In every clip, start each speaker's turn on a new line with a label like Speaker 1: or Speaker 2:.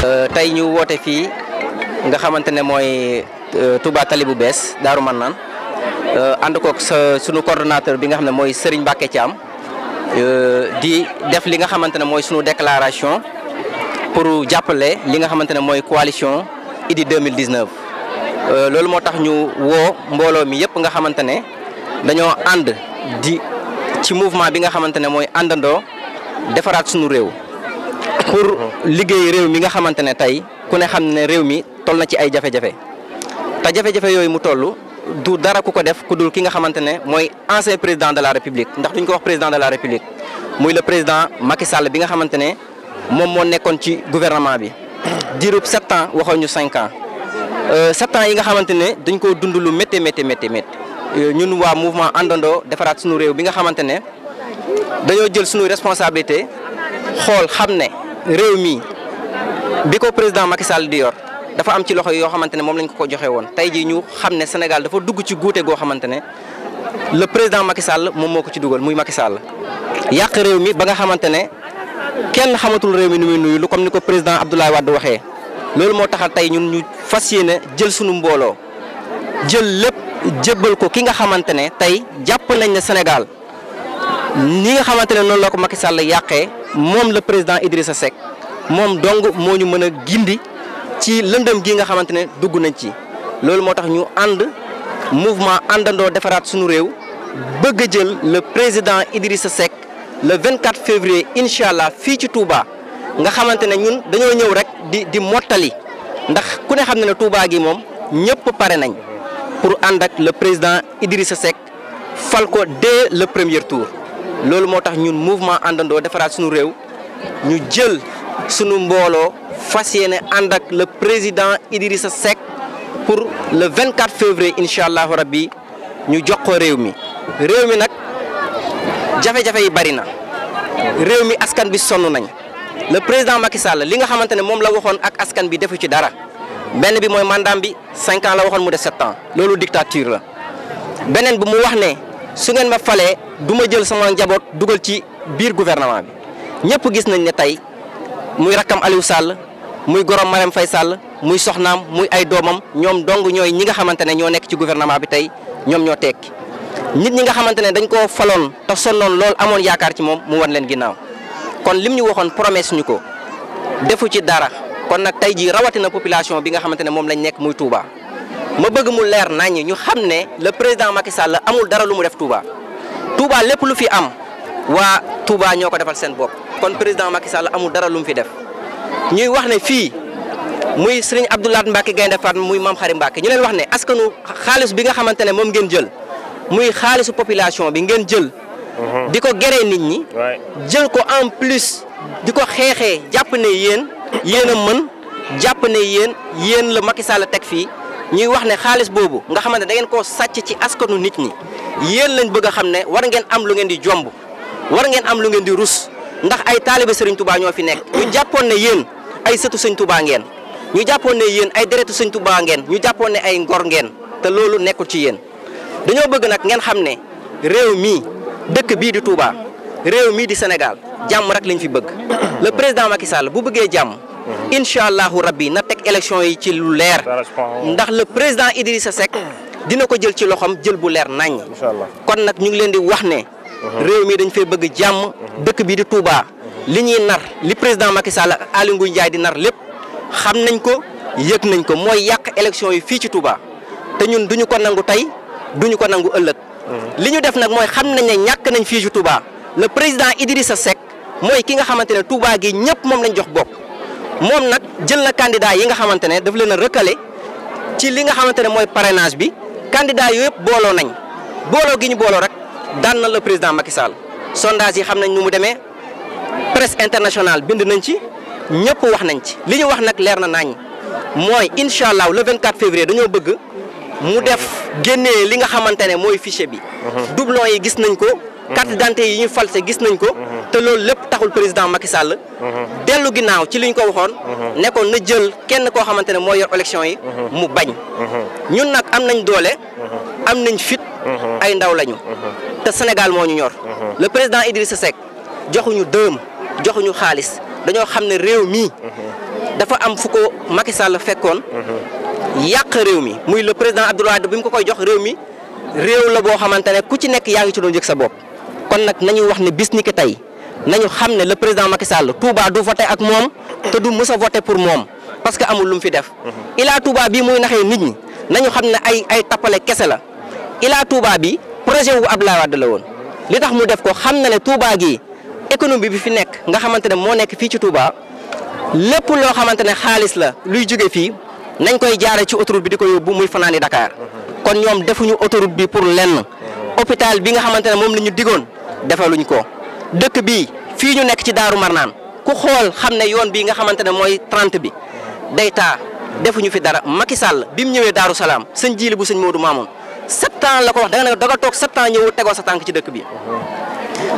Speaker 1: Euh, tey ñu woote fii nga xamante ne mooy euh, Touba Tali bu bees Daaru Mannaan euh, ànd kook sa sunu coordonnateur bi nga xam ne mooy Serigne Mbacke Thiam di def li nga xamante ne mooy sunu déclaration pour jàppale li nga xamante ne mooy coalition Idy 2019. loolu moo tax ñu woo mbooloo mi yëpp nga xamante ne dañoo ànd di ci mouvement bi nga xamante ne mooy àndandoo defaraat sunu réew. pour liggéey réew mi nga xamante ne tey ku ne xam ne réew mi toll na ci ay jafe-jafe te jafe-jafe yooyu mu toll du dara ku ko def ku dul ki nga xamante ne mooy ancien président de la république ndax duñ ko wax président de la république muy le président Macky Sall bi nga xamante ne moom moo nekkoon ci gouvernement bi diirub sept ans waxoon ñu cinq ans euh, sept ans yi nga xamante ne dañ koo dund lu métti métti métti métti euh, ñun waa mouvement àndandoo defaraat suñu réew bi nga xamante ne dañoo jël suñu responsabilité xool xam ne réew mi bi ko président Macky Sall di yor dafa am ci loxo yoo xamante ne moom lañ ko ko joxe woon tey jii ñu xam ne Sénégal dafa dugg ci guute goo xamante ne le président Macky moom moo ko ci dugal muy Macky Sall yàq réew mi ba nga xamante ne kenn xamatul réew mi nu muy nuyu lu comme ni ko président Abdoulaye Wade waxee loolu moo taxal tey ñun ñu fas yéene jël suñu mbooloo jël lépp jébbal ko ki nga xamante ne tey jàpp nañ ne Sénégal. ñi nga xamante ne noonu la ko Macky Sall yàqee moom la président sa Seck moom dong moo ñu mën a gindi ci lëndam gi nga xamante ne dugg nañ ci. loolu moo tax ñu ànd mouvement àndandoo defaraat suñu réew bëgg a jël le président Idrissa Seck le 24 février incha allah fii ci Touba nga xamante ne ñun dañoo ñëw rek di di mottali ndax ku ne xam ne ne Touba gi moom ñëpp pare nañ pour ànd ak le président Idrissa Seck fal ko dès le premier tour. loolu moo tax ñun mouvement àndandoo defaraat suñu réew ñu jël suñu mbooloo fas yéene ànd ak le président Idrissa sec pour le 24 février incha allahu rabbi ñu jox ko réew mi. réew mi nag jafe-jafe yi bari na réew mi askan bi sonn nañ le président Macky Sall li nga xamante ne moom la waxoon ak askan bi defu ci dara benn bi mooy mandaam bi cinq la waxoon mu def sept ans loolu dictature la beneen bi mu wax ne su ngeen ma falee. du ma jël sama njaboot dugal ci biir gouvernement bi ñëpp gis nañ ne tey muy rakkam Aliou Sall muy gorom Marème fay Sall muy soxnaam muy ay doomam ñoom dong ñooy ñi nga xamante ne ñoo nekk ci gouvernement bi tey ñoom ñoo tekki nit ñi nga xamante ne dañ koo faloon te sonnoon lool amoon yaakaar ci moom mu wan leen ginnaaw kon lim ñu waxoon promesse ñu ko defu ci dara kon nag tey jii rawatina population bi nga xamante ne moom lañ nekk muy Touba ma bëgg mu leer naññ ñu xam ne le président Macky Sall amul dara lu mu def Touba. Touba lépp lu fi am waa Touba ñoo ko defal seen bopp kon président Macky Sall amul dara lu mu fi def ñuy wax ne fii muy sëriñ Abdou Lahad Mbacké Gaïndé muy Mame Khary Mbacké ñu leen wax ne askanu xaalis bi nga xamante ne moom ngeen jël muy xaalisu population bi ngeen jël. Mhm. di ko géré nit ñi. jël ko en plus di ko xeexee jàpp ne yéen yéen a mën jàpp ne yéen yéen la Macky Sall teg fii ñuy wax ne xaalis boobu nga xamante da ngeen koo sàcc ci askanu nit ñi. yéen lañ bëgg a xam ne war ngeen am lu ngeen di jomb war ngeen am lu ngeen di rus ndax ay taalibe Serigne Touba ñoo fi nekk. ñu jàppoon ne yéen ay sëtu Serigne Touba ngeen ñu jàppoon ne yéen ay deretu Serigne Touba ngeen ñu jàppoon ay ngor ngeen te loolu nekkul ci yéen dañoo bëgg nag ngeen xam ne réew mii dëkk bii di Touba réew mii di Sénégal jàmm rek lañ fi bëgg la président Macky Sall bu bëggee jàmm. incha allahu rabbi na teg élection yi ci lu leer. ndax le président Idrissa Seck. dina ko jël ci loxoom jël bu leer nañ kon nag ñu ngi leen di wax ne mhm. réew mi dañ fee bëgg jàmm mhm. dëkk bi di Touba mhm. li ñuy nar li président Macky Sall ak Aly Ngouille di nar lépp xam nañ ko yëg nañ ko mooy yàq élection yi fii ci Touba te ñun duñu ko nangu tey duñu ko nangu ëllëg li ñu def nag mooy xam nañ ne ñàkk nañ fii ci Touba le président sa Seck mooy ki nga xamante ne Touba gi ñëpp moom lañ jox bopp moom nag jël na candidat yi nga xamante ne daf leen a recalé ci li nga xamante ne mooy parrainage bi candidat yooyu yëpp booloo nañ booloo gi ñu booloo rek daan na le président Macky Sall yi xam nañ nu mu demee presse internationale bind nañ ci ñëpp wax nañ ci li ñu wax nag leer na nañ mooy incha allah le 24 février dañoo bëgg mu def génnee li nga xamante ne mooy fichier bi mhm. doublon yi gis nañ ko carte d'identité yi ñu false gis nañ ko te loolu lépp taxul président Macky Sall dellu ginnaaw ci li ñu ko waxoon nekkoon na jël kenn koo xamante ne moo yor yi mu bañ ñun nag am nañ doole am nañ fit ay ndaw lañu te Sénégal moo ñu ñor le président Idrissa Seck joxuñu dërëm joxuñu xaalis dañoo xam ne réew mii dafa am fu ko Macky Sall fekkoon yàq réew mi muy le président Abdoulaye bi mu ko koy jox réew mi réew la boo xamante ne ku ci nekk yaa ngi ci doon yëg sa bopp kon nag nañu wax ne bis ni ki tey nañu xam ne le président Macky Sall Touba du voté ak moom te du mës a voté pour moom parce que amul lu mu fi def. Mhm. Ila Touba bi muy naxee nit ñi nañu xam ne ay ay tappale kese la Ila Touba bi projet wu Abdoulaye Wade la woon li tax mu def ko xam na ne Touba gi économie bi fi nekk nga xamante ne moo nekk fii ci Touba lépp loo xamante ne xaalis la luy jóge fii nañ koy jaare ci autoroute bi di ko yóbbu muy fanaani Dakar mhm. kon ñoom defuñu autoroute bi pour lenn mhm. hôpital bi nga xamante ne moom la ñu digoon. defaluñ ko dëkk bii fii ñu nekk ci Daaru Marnaan ku xool xam ne yoon bii nga xamante ne mooy 30 bi day taa defuñu fi dara Macky Sall bi mu ñëwee Daaru Salaam sëñ jiili bu sëñ Modou Mamoun sept ans la ko wax da nga ne da nga toog sept ans tegoo sa tànk ci dëkk bi.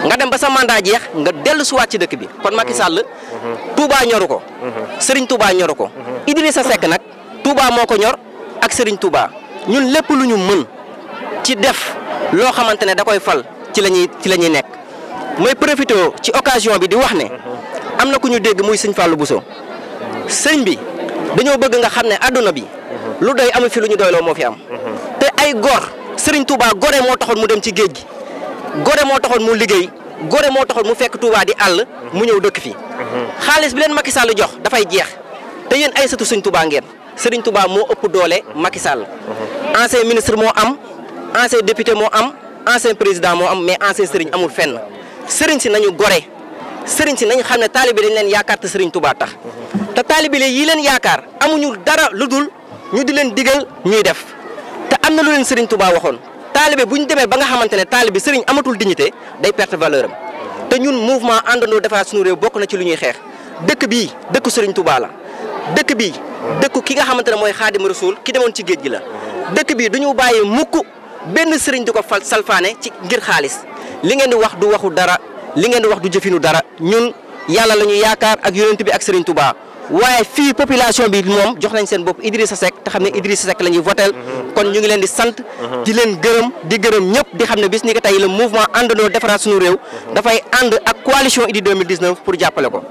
Speaker 1: nga dem ba sa mandat jeex nga dellu suwaat ci dëkk bi kon Macky Sall. Touba ñoru ko. Serigne Touba ñoru ko. Idrissa Seck nag Touba moo ko ñor ak Serigne Touba ñun lépp lu ñu mën ci def loo xamante ne da koy ci la la ñuy nekk may profité ci occasion bi di wax ne am na ku ñu dégg muy sëñ Fallou Bousso sëñ bi dañoo bëgg nga xam ne àdduna bi lu doy amu fi lu ñu doyloo moo fi am te ay gor sëriñ Touba gore moo taxoon mu dem ci géej gi gore moo taxoon mu liggéey gore moo taxoon mu fekk Touba di àll mu ñëw dëkk fi xaalis bi leen Macky Sall jox dafay jeex te yéen ay sëtu sëñ Touba ngeen sëriñ Touba moo ëpp doole Macky Sall ancien ministre moo am ancien député moo am ancien président moo am mais ancien sëriñ amul fenn sëriñ si nañu gore sëriñ si nañu xam ne taalibe dañ leen yaakaar te sëriñ Touba tax te taalibe yi leen yaakaar amuñu dara lu dul ñu di leen digal ñuy def te am na lu leen sëriñ Touba waxoon taalibe bu ñu demee ba nga xamante ne taalibe sëriñ amatul dignité day perte valeur te ñun mouvement àndandoo defar suñu réew bokk na ci lu ñuy xeex dëkk bii dëkk sëriñ Touba la dëkk bii dëkk ki nga xamante ne mooy xaadim rasul ki demoon ci géej gi la benn sëriñ du ko fal salfaane ci ngir xaalis li ngeen di wax du waxu dara li ngeen di wax du jëfinu dara ñun yàlla la ñu yaakaar ak yonent bi ak sëriñ Touba waaye fii population bi moom jox nañ seen bopp Idrissa Seck te xam ne Idrissa Seck la ñuy votel mhm. kon ñu ngi leen di sant mhm. di leen gërëm di gërëm ñëpp di xam ne bis ni ko tey le mouvement àndandoo defaraat suñu réew mhm. dafay ànd ak coalition Idy 2019 pour jàppale ko